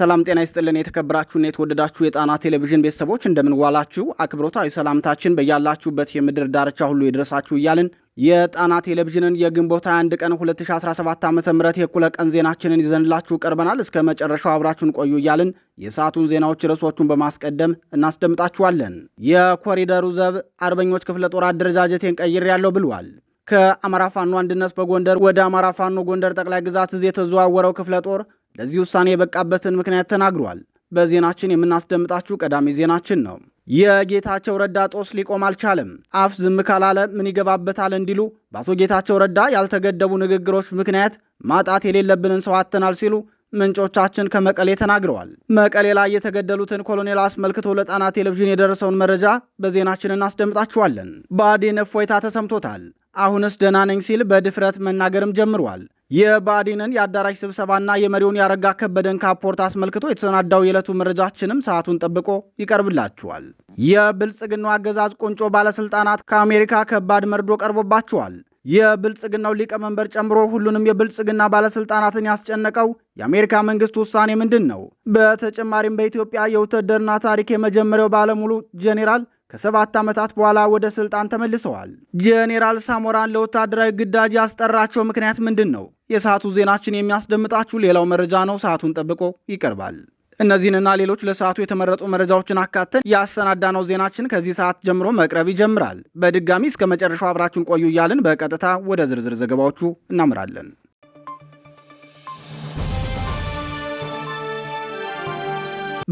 ሰላም ጤና ይስጥልን። የተከበራችሁና የተወደዳችሁ የጣና ቴሌቪዥን ቤተሰቦች እንደምንዋላችሁ፣ አክብሮታዊ ሰላምታችን በያላችሁበት የምድር ዳርቻ ሁሉ ይድረሳችሁ እያልን የጣና ቴሌቪዥንን የግንቦት 21 ቀን 2017 ዓ ም የእኩለ ቀን ዜናችንን ይዘንላችሁ ቀርበናል። እስከ መጨረሻው አብራችሁን ቆዩ እያልን የሰዓቱን ዜናዎች ርዕሶቹን በማስቀደም እናስደምጣችኋለን። የኮሪደሩ ዘብ አርበኞች ክፍለ ጦር አደረጃጀቴን ያለው ብሏል። ከአማራ ፋኖ አንድነት በጎንደር ወደ አማራ ፋኖ ጎንደር ጠቅላይ ግዛት እዝ የተዘዋወረው ክፍለ ጦር ለዚህ ውሳኔ የበቃበትን ምክንያት ተናግሯል። በዜናችን የምናስደምጣችሁ ቀዳሚ ዜናችን ነው። የጌታቸው ረዳ ጦስ ሊቆም አልቻለም። አፍ ዝም ካላለ ምን ይገባበታል እንዲሉ በአቶ ጌታቸው ረዳ ያልተገደቡ ንግግሮች ምክንያት ማጣት የሌለብንን ሰው አጥተናል ሲሉ ምንጮቻችን ከመቀሌ ተናግረዋል። መቀሌ ላይ የተገደሉትን ኮሎኔል አስመልክቶ ለጣና ቴሌቪዥን የደረሰውን መረጃ በዜናችን እናስደምጣችኋለን። ብአዴን እፎይታ ተሰምቶታል። አሁንስ ደህና ነኝ ሲል በድፍረት መናገርም ጀምሯል። የባዲንን የአዳራሽ ስብሰባና የመሪውን ያረጋ ከበደን ካፖርት አስመልክቶ የተሰናዳው የዕለቱ መረጃችንም ሰዓቱን ጠብቆ ይቀርብላችኋል። የብልጽግናው አገዛዝ ቁንጮ ባለስልጣናት ከአሜሪካ ከባድ መርዶ ቀርቦባቸዋል። የብልጽግናው ሊቀመንበር ጨምሮ ሁሉንም የብልጽግና ባለስልጣናትን ያስጨነቀው የአሜሪካ መንግስት ውሳኔ ምንድን ነው? በተጨማሪም በኢትዮጵያ የውትድርና ታሪክ የመጀመሪያው ባለሙሉ ጄኔራል ከሰባት ዓመታት በኋላ ወደ ስልጣን ተመልሰዋል። ጄኔራል ሳሞራን ለወታደራዊ ግዳጅ ያስጠራቸው ምክንያት ምንድን ነው? የሰዓቱ ዜናችን የሚያስደምጣችሁ ሌላው መረጃ ነው። ሰዓቱን ጠብቆ ይቀርባል። እነዚህንና ሌሎች ለሰዓቱ የተመረጡ መረጃዎችን አካተን ያሰናዳነው ዜናችን ከዚህ ሰዓት ጀምሮ መቅረብ ይጀምራል። በድጋሚ እስከ መጨረሻው አብራችሁን ቆዩ እያልን በቀጥታ ወደ ዝርዝር ዘገባዎቹ እናምራለን።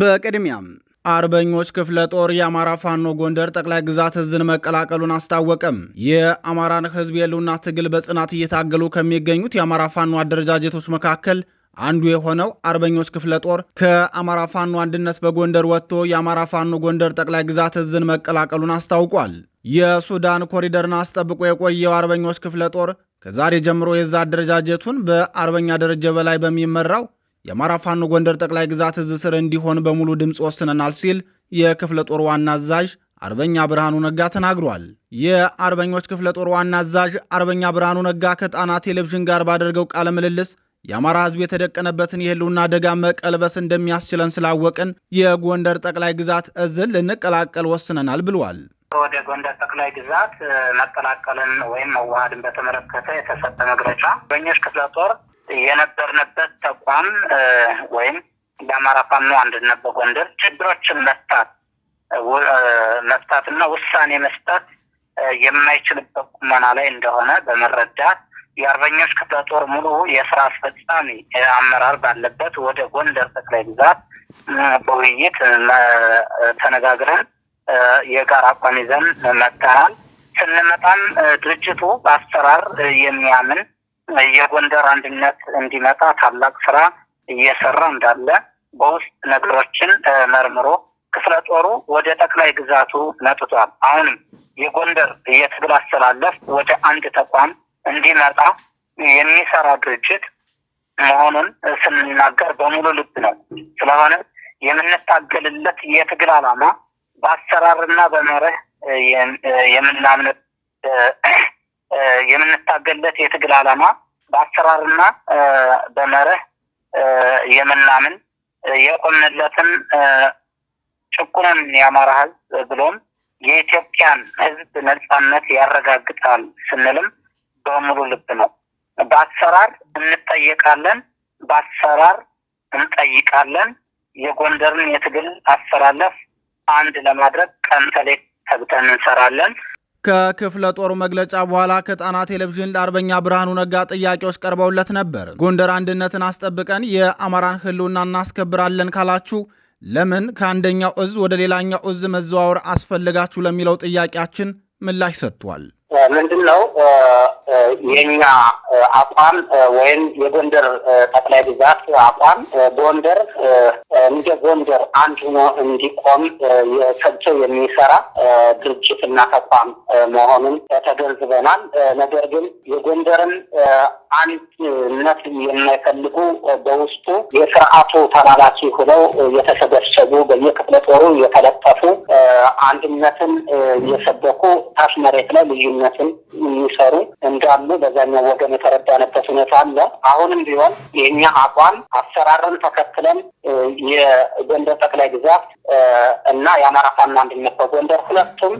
በቅድሚያም አርበኞች ክፍለ ጦር የአማራ ፋኖ ጎንደር ጠቅላይ ግዛት ህዝን መቀላቀሉን አስታወቀም። የአማራን ህዝብ የሉና ትግል በጽናት እየታገሉ ከሚገኙት የአማራ ፋኖ አደረጃጀቶች መካከል አንዱ የሆነው አርበኞች ክፍለ ጦር ከአማራ ፋኖ አንድነት በጎንደር ወጥቶ የአማራ ፋኖ ጎንደር ጠቅላይ ግዛት እዝን መቀላቀሉን አስታውቋል። የሱዳን ኮሪደርን አስጠብቆ የቆየው አርበኞች ክፍለ ጦር ከዛሬ ጀምሮ የዛ አደረጃጀቱን በአርበኛ ደረጀ በላይ በሚመራው የአማራ ፋኖ ጎንደር ጠቅላይ ግዛት እዝ ስር እንዲሆን በሙሉ ድምፅ ወስነናል ሲል የክፍለ ጦር ዋና አዛዥ አርበኛ ብርሃኑ ነጋ ተናግሯል። የአርበኞች ክፍለ ጦር ዋና አዛዥ አርበኛ ብርሃኑ ነጋ ከጣና ቴሌቪዥን ጋር ባደረገው ቃለ ምልልስ የአማራ ሕዝብ የተደቀነበትን የህልውና አደጋ መቀልበስ እንደሚያስችለን ስላወቅን የጎንደር ጠቅላይ ግዛት እዝን ልንቀላቀል ወስነናል ብሏል። ወደ ጎንደር ጠቅላይ ግዛት መቀላቀልን ወይም መዋሃድን በተመለከተ የተሰጠ መግለጫ አርበኞች ክፍለ ጦር የነበርንበት ተቋም ወይም በአማራ ፋኖ አንድነት በጎንደር ችግሮችን መፍታት መፍታትና ውሳኔ መስጠት የማይችልበት ቁመና ላይ እንደሆነ በመረዳት የአርበኞች ክፍለ ጦር ሙሉ የስራ አስፈጻሚ አመራር ባለበት ወደ ጎንደር ጠቅላይ ግዛት በውይይት ተነጋግረን የጋራ አቋም ይዘን መጥተናል። ስንመጣም ድርጅቱ በአሰራር የሚያምን የጎንደር አንድነት እንዲመጣ ታላቅ ስራ እየሰራ እንዳለ በውስጥ ነገሮችን መርምሮ ክፍለ ጦሩ ወደ ጠቅላይ ግዛቱ መጥቷል። አሁንም የጎንደር የትግል አስተላለፍ ወደ አንድ ተቋም እንዲመጣ የሚሰራ ድርጅት መሆኑን ስንናገር በሙሉ ልብ ነው። ስለሆነ የምንታገልለት የትግል ዓላማ በአሰራርና በመርህ የምናምነት የምንታገልበት የትግል ዓላማ በአሰራርና በመርህ የምናምን የቆምንለትን ጭቁንን የአማራ ብሎም የኢትዮጵያን ህዝብ ነጻነት ያረጋግጣል ስንልም በሙሉ ልብ ነው። በአሰራር እንጠየቃለን፣ በአሰራር እንጠይቃለን። የጎንደርን የትግል አሰላለፍ አንድ ለማድረግ ቀን ተሌት ተግተን እንሰራለን። ከክፍለ ጦሩ መግለጫ በኋላ ከጣና ቴሌቪዥን ለአርበኛ ብርሃኑ ነጋ ጥያቄዎች ቀርበውለት ነበር። ጎንደር አንድነትን አስጠብቀን የአማራን ህልውና እናስከብራለን ካላችሁ ለምን ከአንደኛው እዝ ወደ ሌላኛው እዝ መዘዋወር አስፈልጋችሁ ለሚለው ጥያቄያችን ምላሽ ሰጥቷል። ምንድን ነው የኛ አቋም ወይም የጎንደር ጠቅላይ ግዛት አቋም ጎንደር እንደ ጎንደር አንድ ሆኖ እንዲቆም የሰብቸው የሚሰራ ድርጅትና ተቋም መሆኑን ተገንዝበናል። ነገር ግን የጎንደርን አንድነት የማይፈልጉ በውስጡ የስርዓቱ ተላላኪ ሆነው የተሰበሰቡ በየክፍለ ጦሩ የተለጠፉ አንድነትን እየሰበኩ ታች መሬት ላይ ልዩ ጋዜጠኝነትን የሚሰሩ እንዳሉ በዛኛው ወገን የተረዳንበት ሁኔታ አለ። አሁንም ቢሆን የእኛ አቋም አሰራርን ተከትለን የጎንደር ጠቅላይ ግዛት እና የአማራ ፋኖ አንድነት በጎንደር ሁለቱም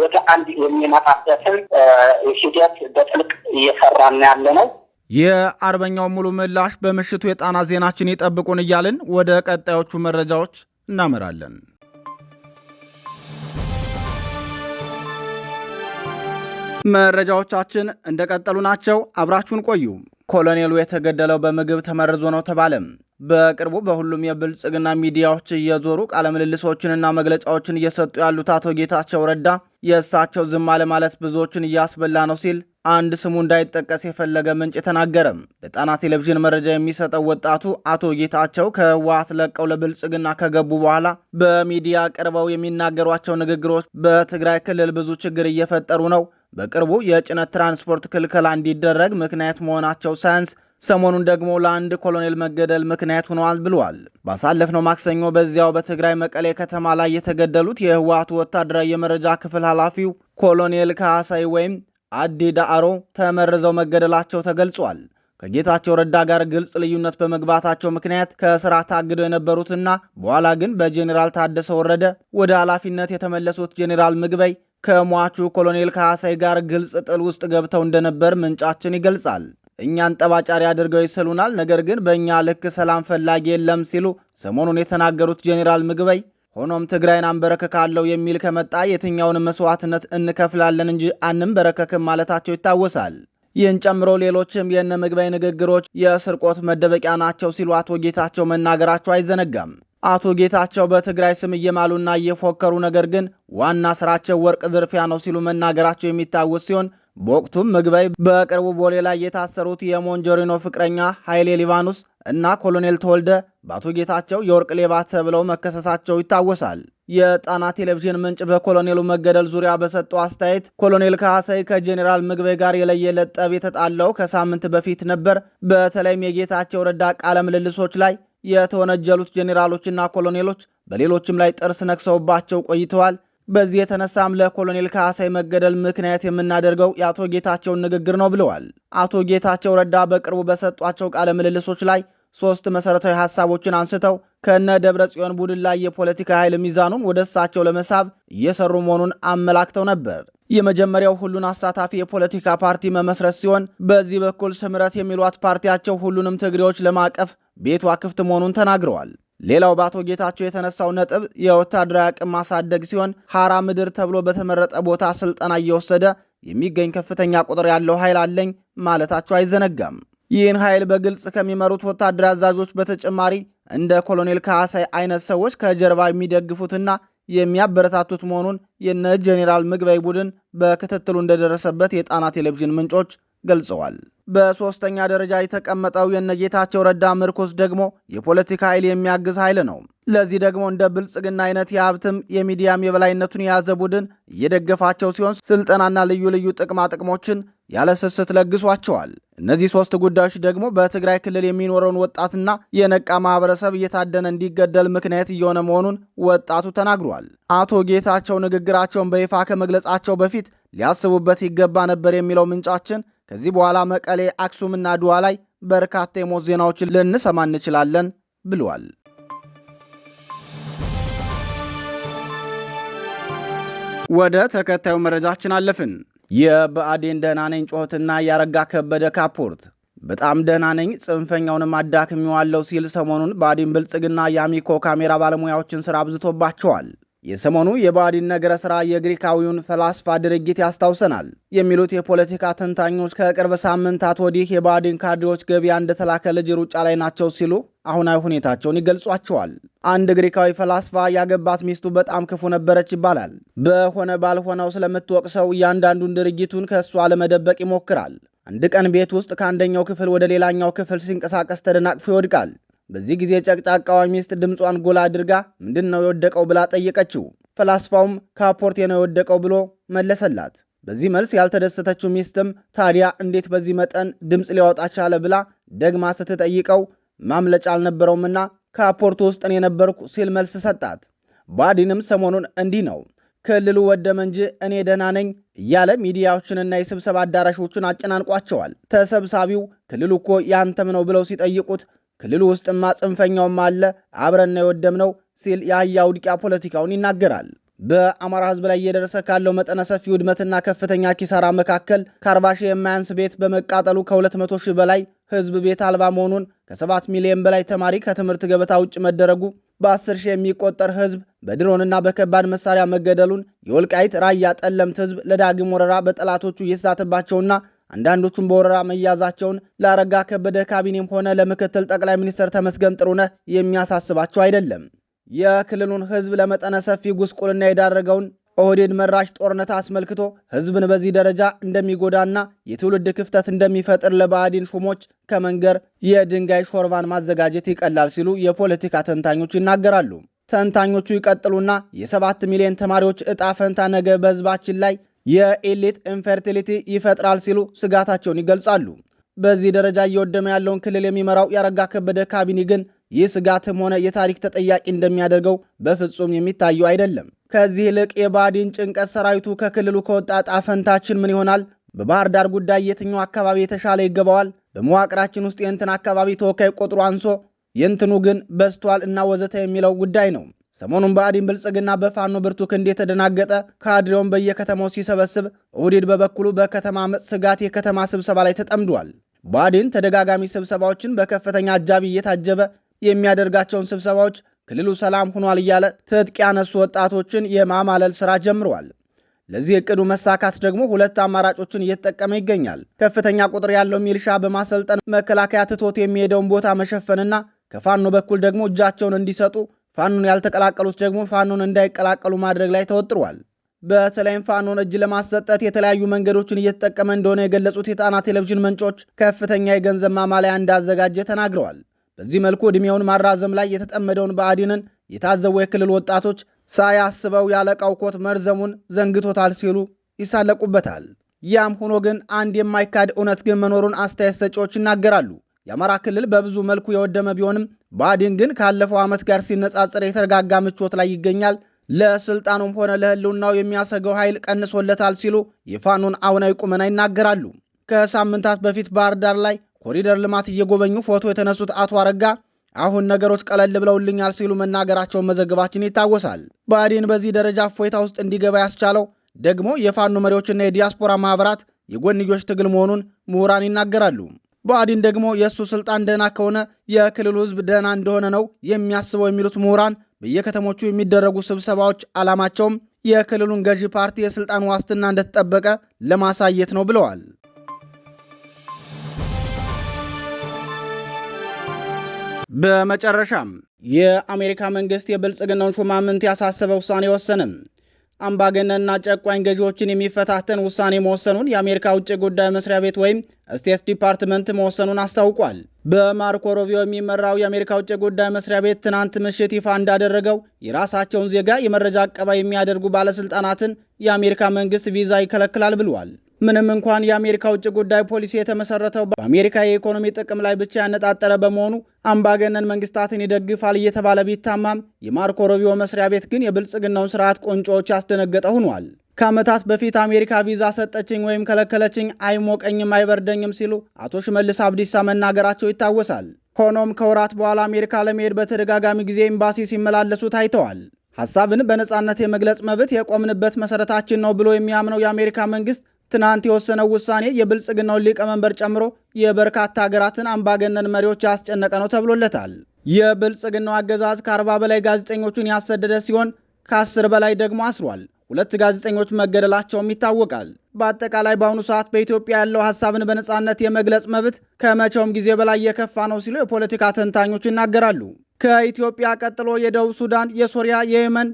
ወደ አንድ የሚመጣበትን ሂደት በጥልቅ እየሰራን ያለ ነው። የአርበኛው ሙሉ ምላሽ በምሽቱ የጣና ዜናችን ይጠብቁን እያልን ወደ ቀጣዮቹ መረጃዎች እናመራለን። መረጃዎቻችን እንደቀጠሉ ናቸው። አብራችሁን ቆዩ። ኮሎኔሉ የተገደለው በምግብ ተመርዞ ነው ተባለም። በቅርቡ በሁሉም የብልጽግና ሚዲያዎች እየዞሩ ቃለምልልሶችንና መግለጫዎችን እየሰጡ ያሉት አቶ ጌታቸው ረዳ የእሳቸው ዝም አለማለት ብዙዎችን እያስበላ ነው ሲል አንድ ስሙ እንዳይጠቀስ የፈለገ ምንጭ ተናገረም። ለጣና ቴሌቪዥን መረጃ የሚሰጠው ወጣቱ አቶ ጌታቸው ከህወሓት ለቀው ለብልጽግና ከገቡ በኋላ በሚዲያ ቀርበው የሚናገሯቸው ንግግሮች በትግራይ ክልል ብዙ ችግር እየፈጠሩ ነው በቅርቡ የጭነት ትራንስፖርት ክልከላ እንዲደረግ ምክንያት መሆናቸው ሳያንስ ሰሞኑን ደግሞ ለአንድ ኮሎኔል መገደል ምክንያት ሆነዋል ብለዋል። ባሳለፍነው ማክሰኞ በዚያው በትግራይ መቀሌ ከተማ ላይ የተገደሉት የህወሓቱ ወታደራዊ የመረጃ ክፍል ኃላፊው ኮሎኔል ካሳይ ወይም አዲ ዳአሮ ተመርዘው መገደላቸው ተገልጿል። ከጌታቸው ረዳ ጋር ግልጽ ልዩነት በመግባታቸው ምክንያት ከስራ ታግደው የነበሩትና በኋላ ግን በጄኔራል ታደሰ ወረደ ወደ ኃላፊነት የተመለሱት ጄኔራል ምግበይ ከሟቹ ኮሎኔል ካሳይ ጋር ግልጽ ጥል ውስጥ ገብተው እንደነበር ምንጫችን ይገልጻል። እኛን ጠባጫሪ አድርገው ይስሉናል፣ ነገር ግን በእኛ ልክ ሰላም ፈላጊ የለም ሲሉ ሰሞኑን የተናገሩት ጄኔራል ምግበይ ሆኖም ትግራይን አንበረከካለው የሚል ከመጣ የትኛውን መስዋዕትነት እንከፍላለን እንጂ አንንበረከክም ማለታቸው ይታወሳል። ይህን ጨምሮ ሌሎችም የእነ ምግበይ ንግግሮች የስርቆት መደበቂያ ናቸው ሲሉ አቶ ጌታቸው መናገራቸው አይዘነጋም። አቶ ጌታቸው በትግራይ ስም እየማሉና እየፎከሩ ነገር ግን ዋና ስራቸው ወርቅ ዝርፊያ ነው ሲሉ መናገራቸው የሚታወስ ሲሆን በወቅቱም ምግበይ በቅርቡ ቦሌ ላይ የታሰሩት የሞንጆሪኖ ፍቅረኛ ኃይሌ ሊባኖስ እና ኮሎኔል ተወልደ በአቶ ጌታቸው የወርቅ ሌባ ተብለው መከሰሳቸው ይታወሳል። የጣና ቴሌቪዥን ምንጭ በኮሎኔሉ መገደል ዙሪያ በሰጠው አስተያየት ኮሎኔል ካሳይ ከጄኔራል ምግበይ ጋር የለየለት ጠብ የተጣለው ከሳምንት በፊት ነበር። በተለይም የጌታቸው ረዳ ቃለ ምልልሶች ላይ የተወነጀሉት ጄኔራሎችና ኮሎኔሎች በሌሎችም ላይ ጥርስ ነክሰውባቸው ቆይተዋል። በዚህ የተነሳም ለኮሎኔል ካሳይ መገደል ምክንያት የምናደርገው የአቶ ጌታቸውን ንግግር ነው ብለዋል። አቶ ጌታቸው ረዳ በቅርቡ በሰጧቸው ቃለ ምልልሶች ላይ ሶስት መሰረታዊ ሀሳቦችን አንስተው ከነ ደብረ ጽዮን ቡድን ላይ የፖለቲካ ኃይል ሚዛኑን ወደ እሳቸው ለመሳብ እየሰሩ መሆኑን አመላክተው ነበር። የመጀመሪያው ሁሉን አሳታፊ የፖለቲካ ፓርቲ መመስረት ሲሆን በዚህ በኩል ስምረት የሚሏት ፓርቲያቸው ሁሉንም ትግሬዎች ለማቀፍ ቤቷ ክፍት መሆኑን ተናግረዋል። ሌላው በአቶ ጌታቸው የተነሳው ነጥብ የወታደራዊ አቅም ማሳደግ ሲሆን ሀራ ምድር ተብሎ በተመረጠ ቦታ ስልጠና እየወሰደ የሚገኝ ከፍተኛ ቁጥር ያለው ኃይል አለኝ ማለታቸው አይዘነጋም። ይህን ኃይል በግልጽ ከሚመሩት ወታደራዊ አዛዦች በተጨማሪ እንደ ኮሎኔል ካሳይ አይነት ሰዎች ከጀርባ የሚደግፉትና የሚያበረታቱት መሆኑን የነ ጄኔራል ምግበይ ቡድን በክትትሉ እንደደረሰበት የጣና ቴሌቪዥን ምንጮች ገልጸዋል። በሶስተኛ ደረጃ የተቀመጠው የነጌታቸው ረዳ ምርኮስ ደግሞ የፖለቲካ ኃይል የሚያግዝ ኃይል ነው። ለዚህ ደግሞ እንደ ብልጽግና አይነት የሀብትም የሚዲያም የበላይነቱን የያዘ ቡድን እየደገፋቸው ሲሆን ስልጠናና ልዩ ልዩ ጥቅማ ጥቅሞችን ያለ ስስት ለግሷቸዋል። እነዚህ ሶስት ጉዳዮች ደግሞ በትግራይ ክልል የሚኖረውን ወጣትና የነቃ ማህበረሰብ እየታደነ እንዲገደል ምክንያት እየሆነ መሆኑን ወጣቱ ተናግሯል። አቶ ጌታቸው ንግግራቸውን በይፋ ከመግለጻቸው በፊት ሊያስቡበት ይገባ ነበር የሚለው ምንጫችን ከዚህ በኋላ መቀሌ፣ አክሱምና አድዋ ላይ በርካታ የሞት ዜናዎችን ልንሰማ እንችላለን ብሏል። ወደ ተከታዩ መረጃችን አለፍን። የብአዴን ደህና ነኝ ጩኸትና ያረጋ ከበደ ካፖርት በጣም ደህና ነኝ ጽንፈኛውንም አዳክሜዋለሁ ሲል ሰሞኑን ብአዴን ብልጽግና የአሚኮ ካሜራ ባለሙያዎችን ስራ አብዝቶባቸዋል። የሰሞኑ የብአዴን ነገረ ስራ የግሪካዊውን ፈላስፋ ድርጊት ያስታውሰናል የሚሉት የፖለቲካ ተንታኞች ከቅርብ ሳምንታት ወዲህ የብአዴን ካድሬዎች ገበያ እንደተላከ ልጅ ሩጫ ላይ ናቸው ሲሉ አሁናዊ ሁኔታቸውን ይገልጿቸዋል። አንድ ግሪካዊ ፈላስፋ ያገባት ሚስቱ በጣም ክፉ ነበረች ይባላል። በሆነ ባልሆነው ስለምትወቅሰው እያንዳንዱን ድርጊቱን ከእሷ ለመደበቅ ይሞክራል። አንድ ቀን ቤት ውስጥ ከአንደኛው ክፍል ወደ ሌላኛው ክፍል ሲንቀሳቀስ ተደናቅፎ ይወድቃል። በዚህ ጊዜ ጨቅጫቃዋ ሚስት ድምጿን ጎላ አድርጋ ምንድን ነው የወደቀው ብላ ጠየቀችው። ፈላስፋውም ካፖርቴ ነው የወደቀው ብሎ መለሰላት። በዚህ መልስ ያልተደሰተችው ሚስትም ታዲያ እንዴት በዚህ መጠን ድምፅ ሊያወጣ ቻለ ብላ ደግማ ስትጠይቀው ማምለጫ አልነበረውምና ከአፖርቱ ውስጥ እኔ ነበርኩ ሲል መልስ ሰጣት። ባዲንም ሰሞኑን እንዲህ ነው ክልሉ ወደመ እንጂ እኔ ደህና ነኝ እያለ ሚዲያዎችንና የስብሰባ አዳራሾችን አጨናንቋቸዋል። ተሰብሳቢው ክልሉ እኮ ያንተም ነው ብለው ሲጠይቁት ክልሉ ውስጥማ ጽንፈኛውም አለ አብረና ነው ሲል የአያ ውድቂያ ፖለቲካውን ይናገራል። በአማራ ሕዝብ ላይ እየደረሰ ካለው መጠነ ሰፊ ውድመትና ከፍተኛ ኪሳራ መካከል ከ40 ሺህ የማያንስ ቤት በመቃጠሉ ከ200 ሺህ በላይ ህዝብ ቤት አልባ መሆኑን ከሰባት ሚሊዮን በላይ ተማሪ ከትምህርት ገበታ ውጭ መደረጉ በአስር ሺህ የሚቆጠር ህዝብ በድሮንና በከባድ መሳሪያ መገደሉን የወልቃይት ራያ ጠለምት ህዝብ ለዳግም ወረራ በጠላቶቹ እየተሳተባቸውና አንዳንዶቹም በወረራ መያዛቸውን ለአረጋ ከበደ ካቢኔም ሆነ ለምክትል ጠቅላይ ሚኒስትር ተመስገን ጥሩነህ የሚያሳስባቸው አይደለም። የክልሉን ህዝብ ለመጠነ ሰፊ ጉስቁልና የዳረገውን ኦህዴድ መራሽ ጦርነት አስመልክቶ ህዝብን በዚህ ደረጃ እንደሚጎዳና የትውልድ ክፍተት እንደሚፈጥር ለባዕዲን ሹሞች ከመንገር የድንጋይ ሾርባን ማዘጋጀት ይቀላል ሲሉ የፖለቲካ ተንታኞች ይናገራሉ። ተንታኞቹ ይቀጥሉና የሰባት ሚሊዮን ተማሪዎች እጣ ፈንታ ነገ በህዝባችን ላይ የኤሊት ኢንፈርቲሊቲ ይፈጥራል ሲሉ ስጋታቸውን ይገልጻሉ። በዚህ ደረጃ እየወደመ ያለውን ክልል የሚመራው ያረጋ ከበደ ካቢኔ ግን ይህ ስጋትም ሆነ የታሪክ ተጠያቂ እንደሚያደርገው በፍጹም የሚታየው አይደለም። ከዚህ ይልቅ የባዲን ጭንቀት ሰራዊቱ ከክልሉ ከወጣ ዕጣ ፈንታችን ምን ይሆናል? በባህር ዳር ጉዳይ የትኛው አካባቢ የተሻለ ይገባዋል? በመዋቅራችን ውስጥ የእንትን አካባቢ ተወካይ ቆጥሮ አንሶ የእንትኑ ግን በዝቷል እና ወዘተ የሚለው ጉዳይ ነው። ሰሞኑን ብአዴን ብልጽግና በፋኖ ብርቱ ክንድ የተደናገጠ ካድሬውን በየከተማው ሲሰበስብ፣ ኦህዴድ በበኩሉ በከተማ አመፅ ስጋት የከተማ ስብሰባ ላይ ተጠምዷል። ብአዴን ተደጋጋሚ ስብሰባዎችን በከፍተኛ አጃቢ እየታጀበ የሚያደርጋቸውን ስብሰባዎች ክልሉ ሰላም ሆኗል እያለ ትጥቅ ያነሱ ወጣቶችን የማማለል ስራ ጀምረዋል። ለዚህ እቅዱ መሳካት ደግሞ ሁለት አማራጮችን እየተጠቀመ ይገኛል። ከፍተኛ ቁጥር ያለው ሚልሻ በማሰልጠን መከላከያ ትቶት የሚሄደውን ቦታ መሸፈንና ከፋኖ በኩል ደግሞ እጃቸውን እንዲሰጡ ፋኖን ያልተቀላቀሉት ደግሞ ፋኖን እንዳይቀላቀሉ ማድረግ ላይ ተወጥሯል። በተለይም ፋኖን እጅ ለማሰጠት የተለያዩ መንገዶችን እየተጠቀመ እንደሆነ የገለጹት የጣና ቴሌቪዥን ምንጮች ከፍተኛ የገንዘብ ማማለያ እንዳዘጋጀ ተናግረዋል። በዚህ መልኩ ዕድሜውን ማራዘም ላይ የተጠመደውን ብአዴንን የታዘቡ የክልል ወጣቶች ሳያስበው ያለቃው ኮት መርዘሙን ዘንግቶታል ሲሉ ይሳለቁበታል። ያም ሆኖ ግን አንድ የማይካድ እውነት ግን መኖሩን አስተያየት ሰጪዎች ይናገራሉ። የአማራ ክልል በብዙ መልኩ የወደመ ቢሆንም ብአዴን ግን ካለፈው ዓመት ጋር ሲነጻጸር የተረጋጋ ምቾት ላይ ይገኛል፣ ለስልጣኑም ሆነ ለህልውናው የሚያሰገው ኃይል ቀንሶለታል ሲሉ የፋኖን አሁናዊ ቁመና ይናገራሉ። ከሳምንታት በፊት ባህር ዳር ላይ ኮሪደር ልማት እየጎበኙ ፎቶ የተነሱት አቶ አረጋ አሁን ነገሮች ቀለል ብለውልኛል ሲሉ መናገራቸውን መዘገባችን ይታወሳል። ብአዴን በዚህ ደረጃ እፎይታ ውስጥ እንዲገባ ያስቻለው ደግሞ የፋኖ መሪዎችና የዲያስፖራ ማኅበራት የጎንዮሽ ትግል መሆኑን ምሁራን ይናገራሉ። ብአዴን ደግሞ የእሱ ስልጣን ደህና ከሆነ የክልሉ ህዝብ ደህና እንደሆነ ነው የሚያስበው የሚሉት ምሁራን በየከተሞቹ የሚደረጉ ስብሰባዎች ዓላማቸውም የክልሉን ገዢ ፓርቲ የስልጣን ዋስትና እንደተጠበቀ ለማሳየት ነው ብለዋል። በመጨረሻም የአሜሪካ መንግስት የብልጽግናውን ሹማምንት ያሳሰበ ውሳኔ ወሰንም። አምባገነንና ጨቋኝ ገዢዎችን የሚፈታተን ውሳኔ መወሰኑን የአሜሪካ ውጭ ጉዳይ መስሪያ ቤት ወይም ስቴት ዲፓርትመንት መወሰኑን አስታውቋል። በማርኮ የሚመራው የአሜሪካ ውጭ ጉዳይ መስሪያ ቤት ትናንት ምሽት ይፋ እንዳደረገው የራሳቸውን ዜጋ የመረጃ አቀባይ የሚያደርጉ ባለስልጣናትን የአሜሪካ መንግስት ቪዛ ይከለክላል ብሏል። ምንም እንኳን የአሜሪካ ውጭ ጉዳይ ፖሊሲ የተመሰረተው በአሜሪካ የኢኮኖሚ ጥቅም ላይ ብቻ ያነጣጠረ በመሆኑ አምባገነን መንግስታትን ይደግፋል እየተባለ ቢታማም የማርኮ ሮቢዮ መስሪያ ቤት ግን የብልጽግናውን ስርዓት ቆንጮዎች ያስደነገጠ ሆኗል። ከዓመታት በፊት አሜሪካ ቪዛ ሰጠችኝ ወይም ከለከለችኝ አይሞቀኝም አይበርደኝም ሲሉ አቶ ሽመልስ አብዲሳ መናገራቸው ይታወሳል። ሆኖም ከወራት በኋላ አሜሪካ ለመሄድ በተደጋጋሚ ጊዜ ኤምባሲ ሲመላለሱ ታይተዋል። ሀሳብን በነጻነት የመግለጽ መብት የቆምንበት መሰረታችን ነው ብሎ የሚያምነው የአሜሪካ መንግስት ትናንት የወሰነው ውሳኔ የብልጽግናውን ሊቀመንበር ጨምሮ የበርካታ ሀገራትን አምባገነን መሪዎች ያስጨነቀ ነው ተብሎለታል። የብልጽግናው አገዛዝ ከአርባ በላይ ጋዜጠኞቹን ያሰደደ ሲሆን ከአስር በላይ ደግሞ አስሯል። ሁለት ጋዜጠኞች መገደላቸውም ይታወቃል። በአጠቃላይ በአሁኑ ሰዓት በኢትዮጵያ ያለው ሀሳብን በነጻነት የመግለጽ መብት ከመቼውም ጊዜ በላይ የከፋ ነው ሲሉ የፖለቲካ ተንታኞች ይናገራሉ። ከኢትዮጵያ ቀጥሎ የደቡብ ሱዳን፣ የሶሪያ፣ የየመን፣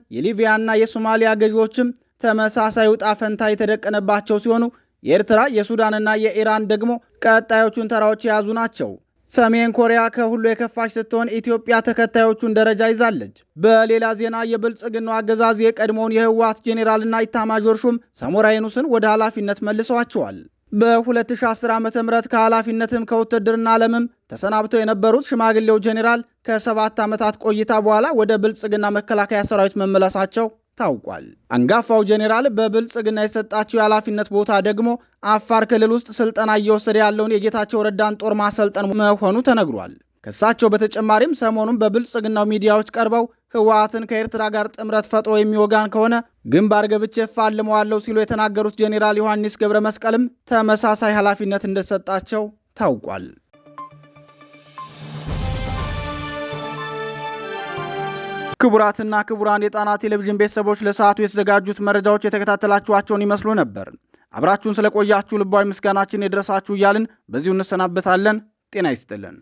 እና የሶማሊያ ገዢዎችም ተመሳሳይ ውጣ ፈንታ የተደቀነባቸው ሲሆኑ የኤርትራ የሱዳንና የኢራን ደግሞ ቀጣዮቹን ተራዎች የያዙ ናቸው። ሰሜን ኮሪያ ከሁሉ የከፋች ስትሆን ኢትዮጵያ ተከታዮቹን ደረጃ ይዛለች። በሌላ ዜና የብልጽግናው አገዛዝ የቀድሞውን የህወሓት ጄኔራልና ኢታማዦር ሹም ሳሞራ የኑስን ወደ ኃላፊነት መልሰዋቸዋል። በ2010 ዓ ም ከኃላፊነትም ከውትድርና ዓለምም ተሰናብተው የነበሩት ሽማግሌው ጄኔራል ከሰባት ዓመታት ቆይታ በኋላ ወደ ብልጽግና መከላከያ ሰራዊት መመለሳቸው ታውቋል። አንጋፋው ጄኔራል በብልጽግና የተሰጣቸው የኃላፊነት ቦታ ደግሞ አፋር ክልል ውስጥ ስልጠና እየወሰደ ያለውን የጌታቸው ረዳን ጦር ማሰልጠን መሆኑ ተነግሯል። ከሳቸው በተጨማሪም ሰሞኑን በብልጽግናው ሚዲያዎች ቀርበው ህወሓትን ከኤርትራ ጋር ጥምረት ፈጥሮ የሚወጋን ከሆነ ግንባር ገብቼ እፋልመዋለሁ ሲሉ የተናገሩት ጄኔራል ዮሐንስ ገብረ መስቀልም ተመሳሳይ ኃላፊነት እንደሰጣቸው ታውቋል። ክቡራትና ክቡራን የጣና ቴሌቪዥን ቤተሰቦች ለሰዓቱ የተዘጋጁት መረጃዎች የተከታተላችኋቸውን ይመስሉ ነበር። አብራችሁን ስለቆያችሁ ልባዊ ምስጋናችን የደረሳችሁ እያልን በዚሁ እንሰናበታለን። ጤና ይስጥልን።